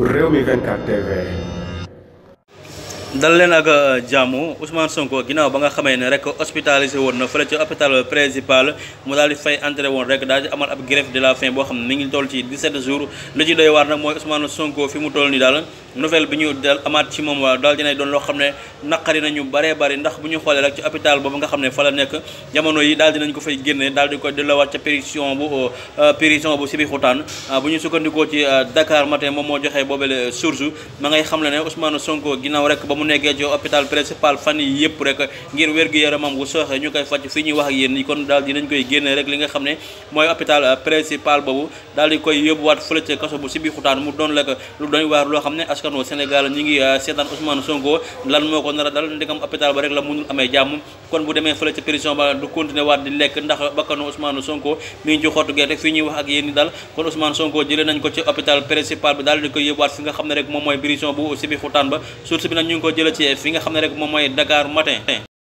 Rewmi 24 TV. dal leen ak jàmm Ousmane Sonko ginnaaw ba nga xamee ne rek hospitalisé woon na fële ci hôpital principal mu daal di fay entré woon rek daal di amal ab grève de la faim boo xam ne mi ngi toll ci 17 jours li ci doy waar nag mooy Ousmane Sonko fi mu toll nii daal. nouvelle bi ñu dal amaat ci moom daal dinay doon loo xam ne naqari nañu baree bari xoolee rek ci nga xam ne fa la nekk jamono yi daal dinañ ko fay génne daal di ko delloowaat ca prison bu euh, prison bu Sébikotane euh, bu ñu sukkandikoo ci euh, Dakar Matin moom moo joxee boobale source ma ngay xam ne ne Ousmane Sonko ginnaaw rek ba mu nekkee ci hôpital principal fan yi yëpp rek ngir wér-gu-yaramam bu sooxee ñu koy faj fii ñuy wax ak yéen ñi kon daal dinañ koy génne rek li nga xam ne mooy hôpital principal boobu daal di koy yóbbuwaat fële ca kaso bu Sébikotane mu doon rek lu doy waar loo xam askan wu Sénégal ñi ngi euh, seetaan Ousmane Sonko lan moo ko nar a dal ndegam hôpital ba rek la mënul amee jàmm kon bu demee fële ca prison ba du continuer di lekk ndax bakkanu Ousmane Sonko mi ngi ci xottu gerte fii ñuy wax ak yéen dal kon Ousmane Sonko jëlee nañ ko ci hôpital principal bi daal di koy yóbbuwaat fi nga xam ne rek moom mooy prison bu Sébikotane ba source bi nag ñu ngi ko jëlee ci fi nga xam ne rek moom mooy Dakar matin